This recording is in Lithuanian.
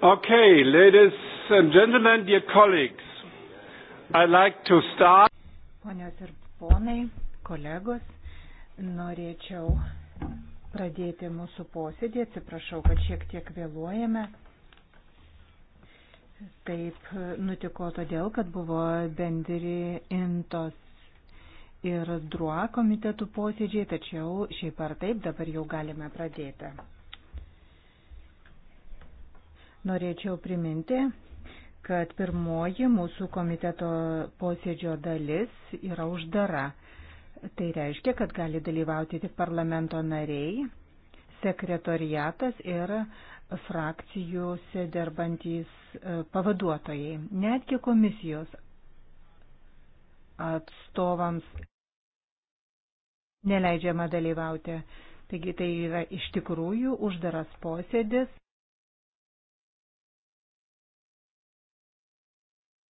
Okay, ladies and gentlemen, dear colleagues, I'd like to start. Ponios ir ponai, kolegos, norėčiau pradėti mūsų posėdį. Atsiprašau, kad šiek tiek vėluojame. Taip nutiko todėl, kad buvo bendri intos ir druo komitetų posėdžiai, tačiau šiaip ar taip dabar jau galime pradėti. Norėčiau priminti, kad pirmoji mūsų komiteto posėdžio dalis yra uždara. Tai reiškia, kad gali dalyvauti tik parlamento nariai, sekretoriatas ir frakcijose dirbantys e, pavaduotojai, netgi komisijos atstovams neleidžiama dalyvauti. Taigi tai yra iš tikrųjų uždaras posėdis.